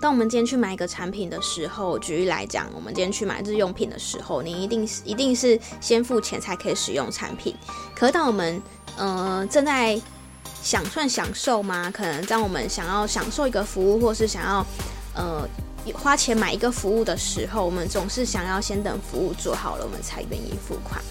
當我們今天去買一個產品的時候，舉例來講，我們今天去買日用品的時候，你一定是一定是先付錢才可以使用產品。可是當我們呃正在想算享受嗎？可能當我們想要享受一個服務，或是想要呃花錢買一個服務的時候，我們總是想要先等服務做好了，我們才願意付款。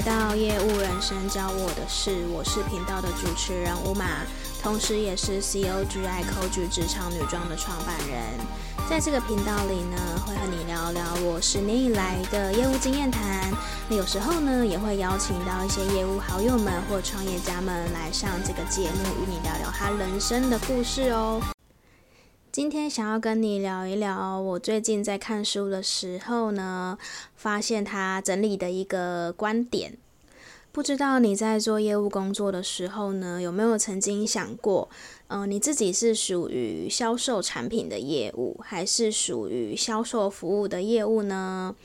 來到業務人生教我的事，我是頻道的主持人烏瑪，同時也是 COGI COG 職場女裝的創辦人。在這個頻道裡呢，會和你聊聊我十年以來的業務經驗談。那有時候呢，也會邀請到一些業務好友們或創業家們來上這個節目，與你聊聊他人生的故事哦。今天想要跟你聊一聊，我最近在看書的時候呢，發現他整理的一個觀點。不知道你在做業務工作的時候呢，有沒有曾經想過，嗯、呃，你自己是屬於銷售產品的業務，還是屬於銷售服務的業務呢？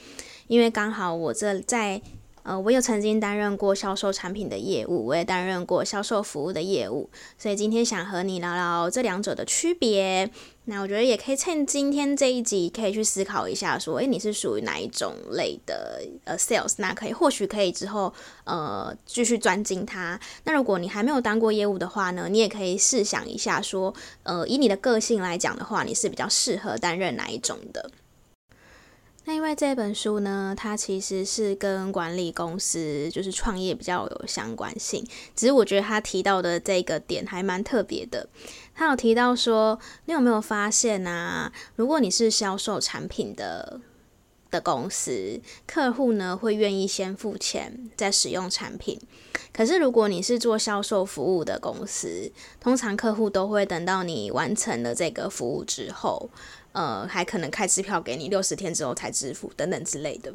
因為剛好我這在。呃，我有曾經擔任過銷售產品的業務，我也擔任過銷售服務的業務，所以今天想和你聊聊這兩者的區別。那我覺得也可以趁今天這一集，可以去思考一下，說，誒，你是屬於哪一種類的呃 sales？那可以或許可以之後呃繼續專精它。那如果你還沒有當過業務的話呢，你也可以試想一下說，呃，以你的個性來講的話，你是比較適合擔任哪一種的。那因為這本書呢，它其實是跟管理公司，就是創業比較有相關性。只是我覺得他提到的這個點還蠻特別的。他有提到說，你有沒有發現啊？如果你是銷售產品的的公司，客戶呢會願意先付錢再使用產品。可是如果你是做銷售服務的公司，通常客戶都會等到你完成了這個服務之後。呃，還可能開支票給你，六十天之後才支付等等之類的。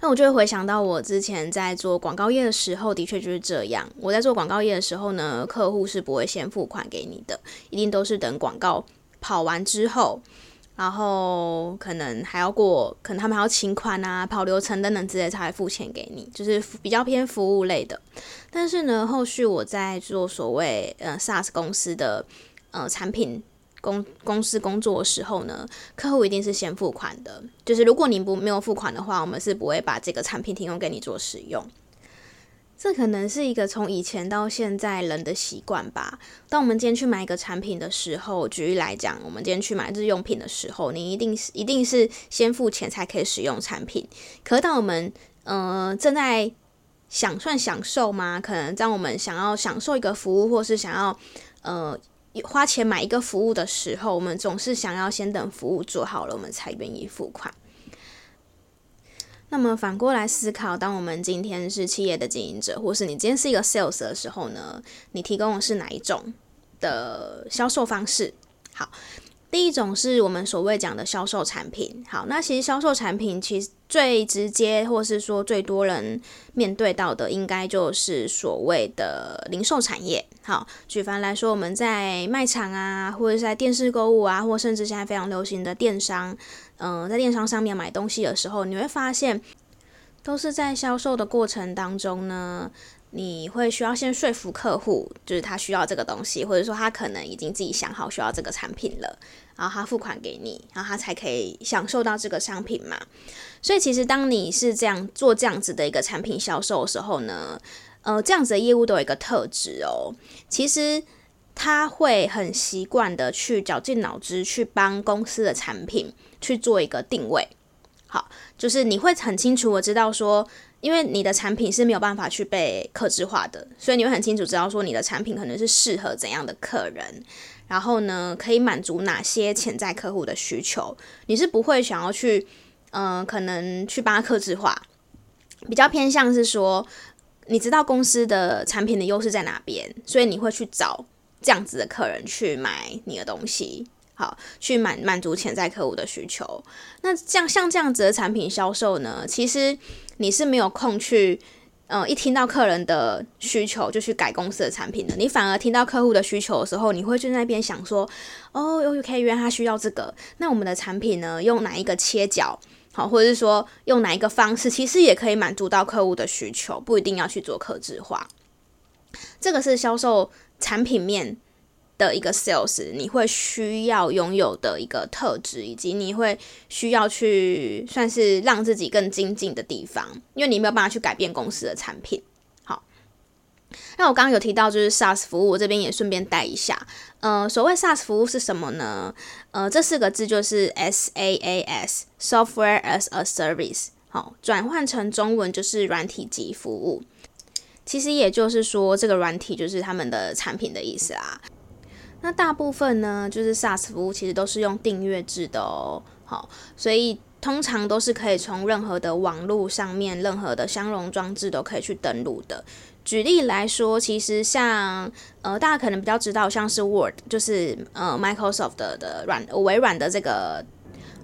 那我就會回想到我之前在做廣告業的時候，的確就是這樣。我在做廣告業的時候呢，客戶是不會先付款給你的，一定都是等廣告跑完之後，然後可能還要過，可能他們還要請款啊、跑流程等等之類，才會付錢給你，就是比較偏服務類的。但是呢，後續我在做所謂呃 SaaS 公司的呃產品。公公司工作的時候呢，客戶一定是先付款的。就是如果你不沒有付款的話，我們是不會把這個產品提供給你做使用。這可能是一個從以前到現在人的習慣吧。當我們今天去買一個產品的時候，舉例來講，我們今天去買日用品的時候，你一定是一定是先付錢才可以使用產品。可當我們呃正在想，算享受嗎？可能當我們想要享受一個服務，或是想要呃。花錢買一個服務的時候，我們總是想要先等服務做好了，我們才願意付款。那麼反過來思考，當我們今天是企業的經營者，或是你今天是一個 sales 的時候呢？你提供的是哪一種的銷售方式？好。第一種是我們所謂講的銷售產品，好，那其實銷售產品其實最直接，或是說最多人面對到的，應該就是所謂的零售產業。好，舉凡來說，我們在賣場啊，或者在電視購物啊，或甚至現在非常流行的電商，嗯、呃，在電商上面買東西的時候，你會發現，都是在銷售的過程當中呢。你會需要先說服客戶，就是他需要這個東西，或者說他可能已經自己想好需要這個產品了，然後他付款給你，然後他才可以享受到這個商品嘛。所以其實當你是這樣做這樣子的一個產品銷售的時候呢，呃，這樣子的業務都有一個特質哦，其實他會很習慣的去絞盡腦汁去幫公司的產品去做一個定位。好，就是你會很清楚我知道說，因為你的產品是沒有辦法去被客製化的，所以你會很清楚知道說你的產品可能是適合怎樣的客人，然後呢，可以滿足哪些潛在客戶的需求。你是不會想要去，嗯、呃，可能去把它客製化，比較偏向是說，你知道公司的產品的優勢在哪邊，所以你會去找這樣子的客人去買你的東西。好，去滿滿足潛在客戶的需求。那像像這樣子的產品銷售呢，其實你是沒有空去，呃，一聽到客人的需求就去改公司的產品的。你反而聽到客戶的需求的時候，你會去那邊想說，哦，OK，原來他需要這個，那我們的產品呢，用哪一個切角，好，或者是說用哪一個方式，其實也可以滿足到客戶的需求，不一定要去做客製化。這個是銷售產品面。的一個 sales，你會需要擁有的一個特質，以及你會需要去算是讓自己更精進的地方，因為你沒有辦法去改變公司的產品。好，那我剛剛有提到就是 SaaS 服務，我這邊也順便帶一下。嗯、呃，所謂 SaaS 服務是什麼呢？呃，這四個字就是 SaaS（Software as a Service）。好，轉換成中文就是“軟體即服務”。其實也就是說，這個軟體就是他們的產品的意思啦。那大部分呢，就是 SaaS 服務其實都是用訂閱制的哦。好，所以通常都是可以從任何的網絡上面、任何的相容裝置都可以去登錄的。舉例來說，其實像呃大家可能比較知道，像是 Word，就是呃 Microsoft 的的軟微軟的這個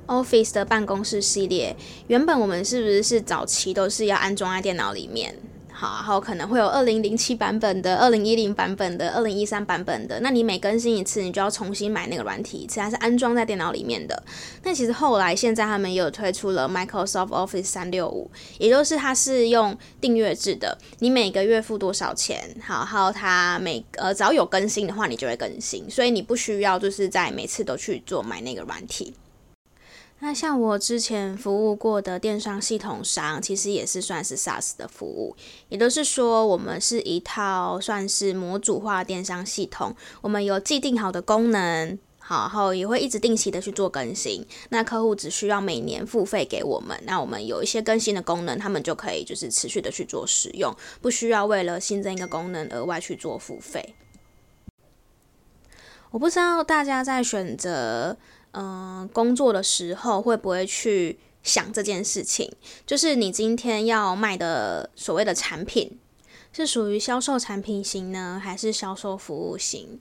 Office 的辦公室系列，原本我們是不是是早期都是要安裝在電腦裡面？好，然後可能會有二零零七版本的、二零一零版本的、二零一三版本的。那你每更新一次，你就要重新買那個軟體，雖然它是安裝在電腦裡面的。那其實後來現在他們又推出了 Microsoft Office 三六五，也就是它是用訂閱制的，你每個月付多少錢，好，然後它每呃只要有更新的話，你就會更新，所以你不需要就是在每次都去做買那個軟體。那像我之前服務過的電商系統商，其實也是算是 SaaS 的服務，也都是說我們是一套算是模組化的電商系統，我們有既定好的功能，好，然後也會一直定期的去做更新。那客戶只需要每年付費給我們，那我們有一些更新的功能，他們就可以就是持續的去做使用，不需要為了新增一個功能額外去做付費。我不知道大家在選擇。嗯、呃，工作的時候會不會去想這件事情？就是你今天要賣的所謂的產品，是屬於銷售產品型呢，還是銷售服務型？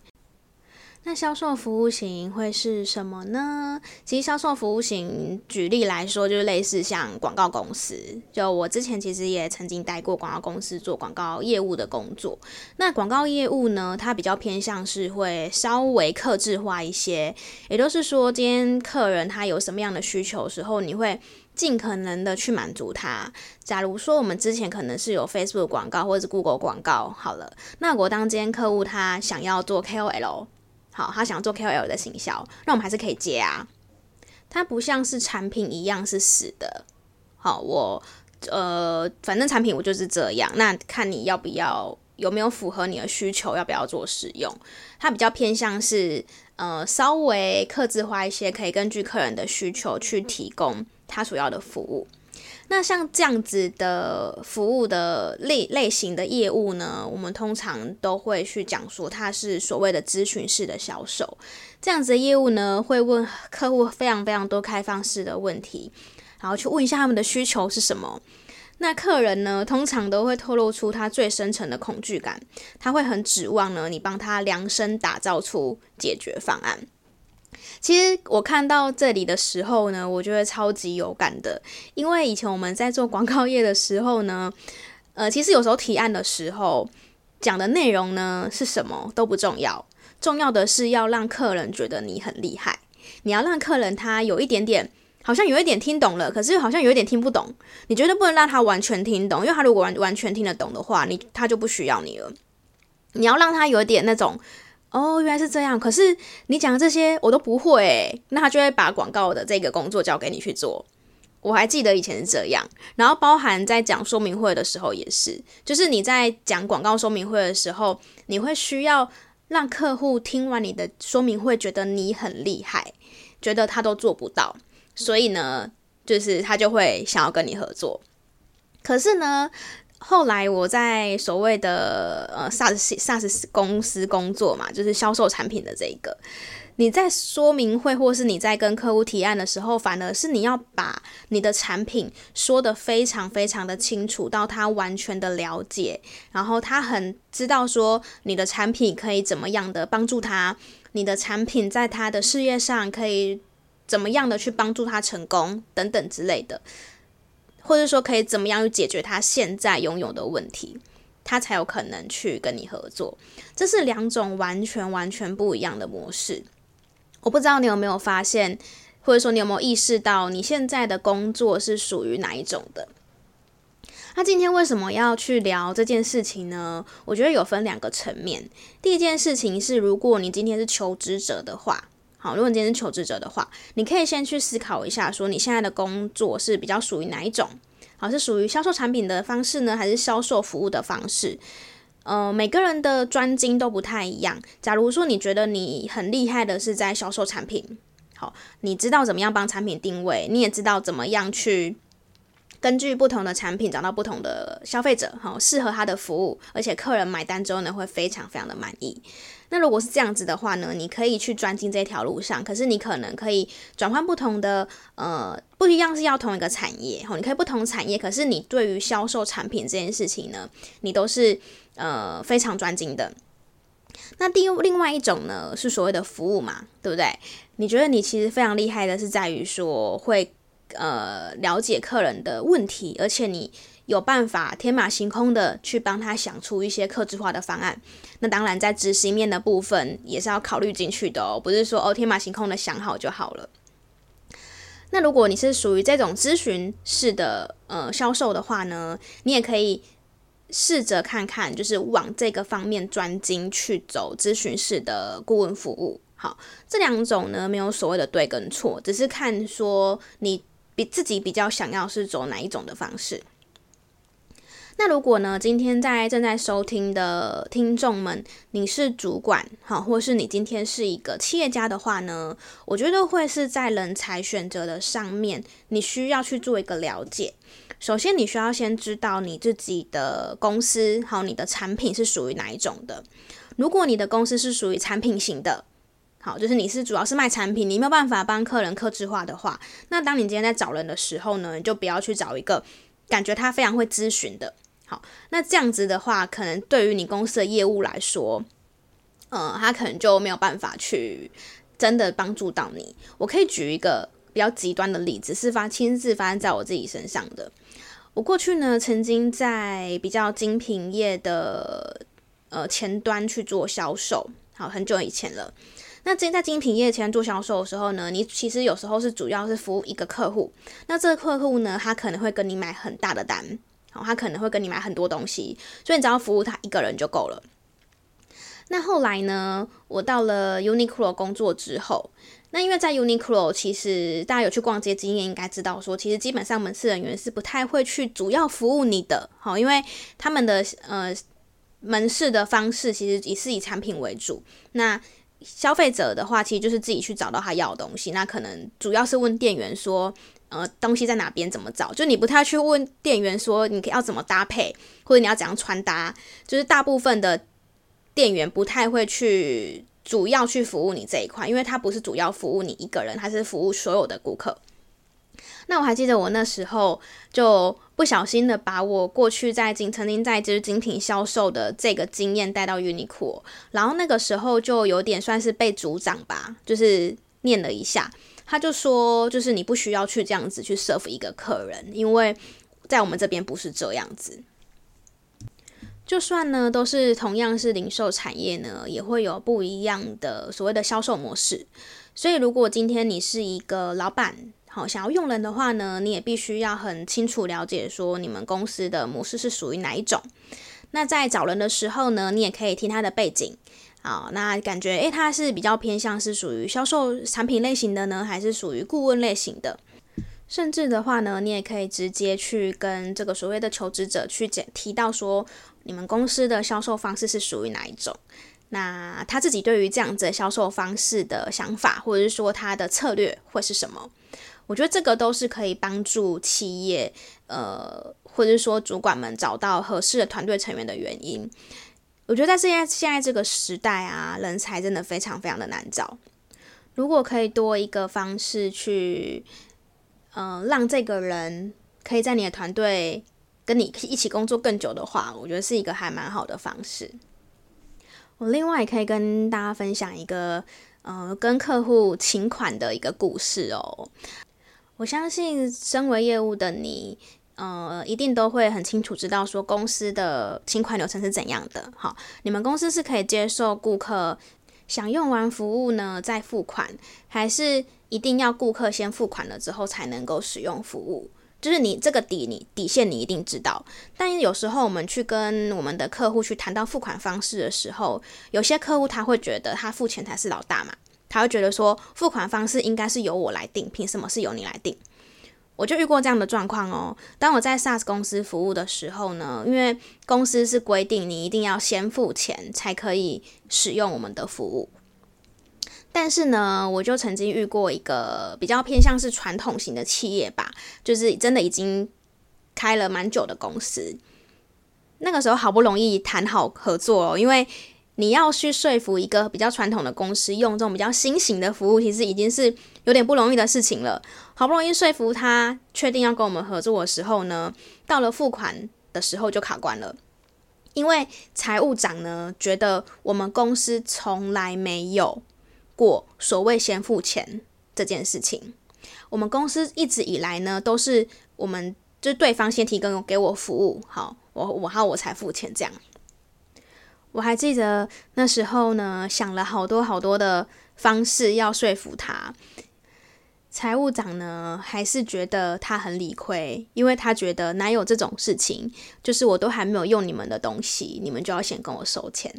那銷售服務型會是什麼呢？其實銷售服務型舉例來說，就是類似像廣告公司。就我之前其實也曾經待過廣告公司，做廣告業務的工作。那廣告業務呢，它比較偏向是會稍微客製化一些，也就是說，今天客人他有什麼樣的需求的時候，你會盡可能的去滿足他。假如說我們之前可能是有 Facebook 廣告或者是 Google 廣告好了，那我當今天客戶他想要做 KOL 哦。好，他想要做 KOL 的行銷，那我們還是可以接啊。它不像是產品一樣是死的。好，我呃，反正產品我就是這樣，那看你要不要，有沒有符合你的需求，要不要做使用。它比較偏向是呃，稍微客制化一些，可以根據客人的需求去提供他所要的服務。那像這樣子的服務的類類型的業務呢，我們通常都會去講說他是所謂的諮詢式的銷售。這樣子的業務呢，會問客戶非常非常多開放式的問題，然後去問一下他們的需求是什麼。那客人呢，通常都會透露出他最深層的恐懼感，他會很指望呢你幫他量身打造出解決方案。其實我看到這裡的時候呢，我覺得超級有感的，因為以前我們在做廣告業的時候呢，呃，其實有時候提案的時候講的內容呢是什麼都不重要，重要的是要讓客人覺得你很厲害，你要讓客人他有一點點好像有一點聽懂了，可是好像有一點聽不懂，你絕對不能讓他完全聽懂，因為他如果完完全聽得懂的話，你他就不需要你了，你要讓他有一點那種。哦，原來是這樣。可是你講這些我都不會耶，那他就會把廣告的這個工作交給你去做。我還記得以前是這樣，然後包含在講說明會的時候也是，就是你在講廣告說明會的時候，你會需要讓客戶聽完你的說明會，覺得你很厲害，覺得他都做不到，所以呢，就是他就會想要跟你合作。可是呢，後來我在所謂的呃 SaaS SaaS 公司工作嘛，就是銷售產品的這一個。你在說明會或是你在跟客戶提案的時候，反而是你要把你的產品說得非常非常的清楚，到他完全的了解，然後他很知道說你的產品可以怎麼樣的幫助他，你的產品在他的事業上可以怎麼樣的去幫助他成功等等之類的。或者說可以怎麼樣去解決他現在擁有的問題，他才有可能去跟你合作。這是兩種完全完全不一樣的模式。我不知道你有沒有發現，或者說你有沒有意識到你現在的工作是屬於哪一種的？那今天為什麼要去聊這件事情呢？我覺得有分兩個層面。第一件事情是，如果你今天是求職者的話。好，如果你今天是求職者的話，你可以先去思考一下，說你現在的工作是比較屬於哪一種？好，是屬於銷售產品的方式呢，還是銷售服務的方式？呃，每個人的專精都不太一樣。假如說你覺得你很厲害的是在銷售產品，好，你知道怎麼樣幫產品定位，你也知道怎麼樣去根據不同的產品找到不同的消費者，好，適合他的服務，而且客人買單之後呢，會非常非常的滿意。那如果是這樣子的話呢，你可以去專精這條路上，可是你可能可以轉換不同的呃，不一樣是要同一個產業哦，你可以不同產業，可是你對於銷售產品這件事情呢，你都是呃非常專精的。那第另外一種呢，是所謂的服務嘛，對不對？你覺得你其實非常厲害的是在於說會呃了解客人的問題，而且你。有辦法天馬行空的去幫他想出一些客製化的方案，那當然在執行面的部分也是要考慮進去的哦，不是說哦，天馬行空的想好就好了。那如果你是屬於這種諮詢式的呃銷售的話呢，你也可以試着看看，就是往這個方面專精去走諮詢式的顧問服務。好，這兩種呢，沒有所謂的對跟錯，只是看說你比自己比較想要是走哪一種的方式。那如果呢，今天在正在收聽的聽眾們，你是主管，好，或是你今天是一個企業家的話呢，我覺得會是在人才選擇的上面，你需要去做一個了解。首先，你需要先知道你自己的公司，好，你的產品是屬於哪一種的。如果你的公司是屬於產品型的，好，就是你是主要是賣產品，你沒有辦法幫客人客制化的話，那當你今天在找人的時候呢，你就不要去找一個感覺他非常會諮詢的。好，那這樣子的話，可能對於你公司的業務來說，呃，他可能就沒有辦法去真的幫助到你。我可以舉一個比較極端的例子，是發親自發生在我自己身上的。我過去呢，曾經在比較精品業的呃前端去做銷售，好，很久以前了。那今在精品業前做銷售的時候呢，你其實有時候是主要是服務一個客戶，那這個客戶呢，他可能會跟你買很大的單。他可能會跟你買很多東西，所以你只要服務他一個人就夠了。那後來呢，我到了 Uniqlo 工作之後，那因為在 Uniqlo，其實大家有去逛街經驗應該知道說，說其實基本上門市人員是不太會去主要服務你的，好，因為他們的呃門市的方式其實也是以產品為主。那消費者的話，其實就是自己去找到他要東西，那可能主要是問店員說，呃，東西在哪邊怎麼找？就你不太去問店員說你要怎麼搭配，或者你要怎樣穿搭，就是大部分的店員不太會去主要去服務你這一塊，因為他不是主要服務你一個人，他是服務所有的顧客。那我還記得我那時候就不小心的把我過去在經曾經在就是精品銷售的這個經驗帶到 Uniqlo，然後那個時候就有點算是被組長吧，就是念了一下。他就說，就是你不需要去這樣子去 serve 一個客人，因為在我們這邊不是這樣子。就算呢，都是同樣是零售產業呢，也會有不一樣的所謂的銷售模式。所以，如果今天你是一個老闆，好想要用人的話呢，你也必須要很清楚了解說你們公司的模式是屬於哪一種。那在找人的時候呢，你也可以聽他的背景。好，那感覺誒、欸，他是比較偏向是屬於銷售產品類型的呢，還是屬於顧問類型的？甚至的話呢，你也可以直接去跟這個所謂的求職者去講提到說，你們公司的銷售方式是屬於哪一種？那他自己對於這樣子的銷售方式的想法，或者是說他的策略會是什麼？我覺得這個都是可以幫助企業，呃，或者是說主管們找到合適的團隊成員的原因。我覺得在現在現在這個時代啊，人才真的非常非常的難找。如果可以多一個方式去，嗯、呃，讓這個人可以在你的團隊跟你一起工作更久的話，我覺得是一個還蠻好的方式。我另外可以跟大家分享一個，嗯、呃，跟客戶請款的一個故事哦。我相信，身為業務的你，呃，一定都會很清楚知道說公司的付款流程是怎樣的。好，你們公司是可以接受顧客享用完服務呢，再付款，還是一定要顧客先付款了之後才能夠使用服務？就是你這個底，你底線你一定知道。但有時候我們去跟我們的客戶去談到付款方式的時候，有些客戶他會覺得他付錢才是老大嘛，他會覺得說付款方式應該是由我來定，憑什麼是由你來定？我就遇過這樣的狀況哦。當我在 SaaS 公司服務的時候呢，因為公司是規定你一定要先付錢才可以使用我們的服務。但是呢，我就曾經遇過一個比較偏向是傳統型的企業吧，就是真的已經開了蠻久的公司。那個時候好不容易談好合作哦，因為你要去說服一個比較傳統的公司，用這種比較新型的服務，其實已經是有點不容易的事情了。好不容易說服他確定要跟我們合作的時候呢，到了付款的時候就卡關了，因為財務長呢覺得我們公司從來沒有過所謂先付錢這件事情，我們公司一直以來呢都是我們就對方先提供給我服務，好，我我好，我才付錢這樣。我還記得那時候呢，想了好多好多的方式要說服他。財務長呢，還是覺得他很理虧，因為他覺得哪有這種事情，就是我都還沒有用你們的東西，你們就要先跟我收錢。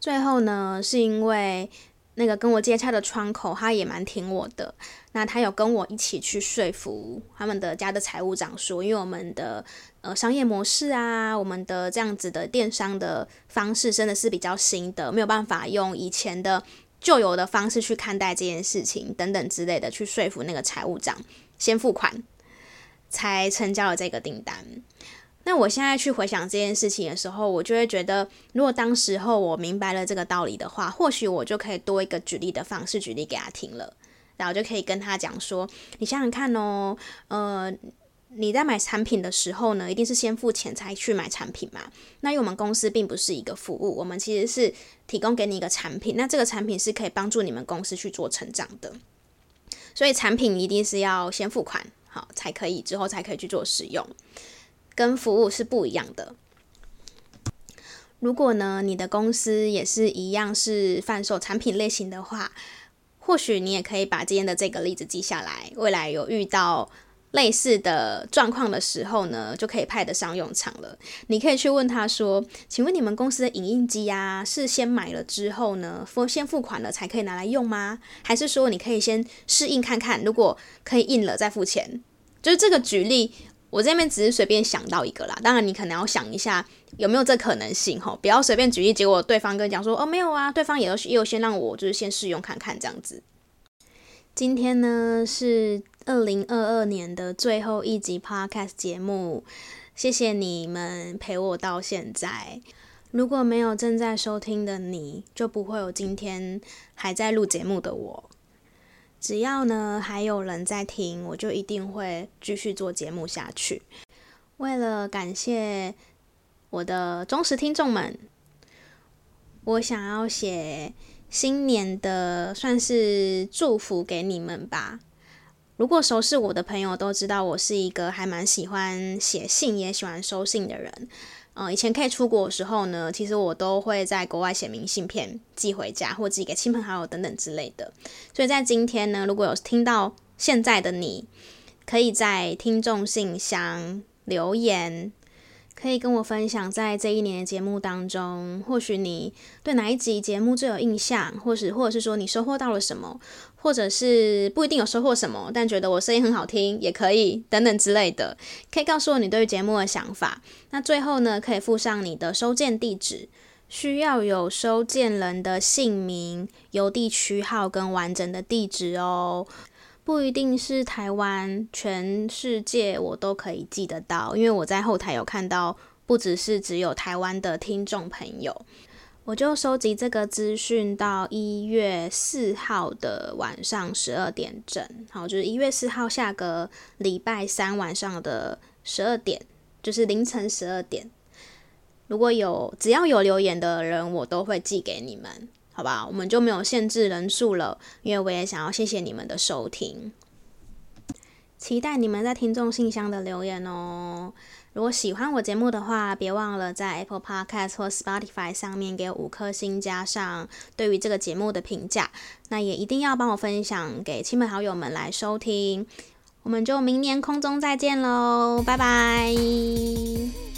最後呢，是因為那個跟我接洽的窗口，他也蠻挺我的，那他有跟我一起去說服他們的家的財務長說，因為我們的呃商業模式啊，我們的這樣子的電商的方式真的是比較新的，沒有辦法用以前的，舊有的方式去看待這件事情，等等之類的，去說服那個財務長先付款，才成交了這個訂單。那我現在去回想這件事情的時候，我就會覺得，如果當時候我明白了這個道理的話，或許我就可以多一個舉例的方式舉例給他聽了，然後就可以跟他講說：“你想想看哦，呃。”你在買產品的時候呢，一定是先付錢才去買產品嘛？那因為我們公司並不是一個服務，我們其實是提供給你一個產品，那這個產品是可以幫助你們公司去做成長的。所以產品一定是要先付款好才可以，之後才可以去做使用，跟服務是不一樣的。如果呢，你的公司也是一樣是販售產品類型的話，或許你也可以把今天的這個例子記下來，未來有遇到類似的狀況的時候呢，就可以派得上用場了。你可以去問他說：“請問你們公司的影印機啊，是先買了之後呢，付先付款了才可以拿來用嗎？還是說你可以先試印看看，如果可以印了再付錢？”就是這個舉例，我這邊只是隨便想到一個啦。當然你可能要想一下有沒有這可能性哈、哦，不要隨便舉例，結果對方跟你講說：“哦，沒有啊，對方也要先讓我就是先試用看看這樣子。”今天呢是。二零二二年的最後一集 Podcast 節目，謝謝你們陪我到現在。如果沒有正在收聽的你，就不會有今天還在錄節目的我。只要呢還有人在聽，我就一定會繼續做節目下去。為了感謝我的忠實聽眾們，我想要寫新年的算是祝福給你們吧。如果熟悉我的朋友都知道，我是一個還蠻喜歡寫信，也喜歡收信的人。呃，以前可以出國的時候呢，其實我都會在國外寫明信片寄回家，或寄給親朋好友等等之類的。所以在今天呢，如果有聽到現在的你，可以在聽眾信箱留言。可以跟我分享，在這一年的節目當中，或許你對哪一集節目最有印象，或是或者是說你收穫到了什麼，或者是不一定有收穫什麼，但覺得我聲音很好聽也可以，等等之類的，可以告訴我你對於節目的想法。那最後呢，可以附上你的收件地址，需要有收件人的姓名、郵遞區號跟完整的地址哦。不一定是台灣，全世界我都可以寄得到，因為我在後台有看到，不只是只有台灣的聽眾朋友，我就收集這個資訊到一月四號的晚上十二點整，好，就是一月四號下個禮拜三晚上的十二點，就是凌晨十二點，如果有只要有留言的人，我都會寄給你們。好吧，我們就沒有限制人數了，因為我也想要謝謝你們的收聽，期待你們在聽眾信箱的留言哦。如果喜歡我節目的話，別忘了在 Apple Podcast 或 Spotify 上面給五顆星加上對於這個節目的評價，那也一定要幫我分享給親朋好友們來收聽。我們就明年空中再見嘍，拜拜。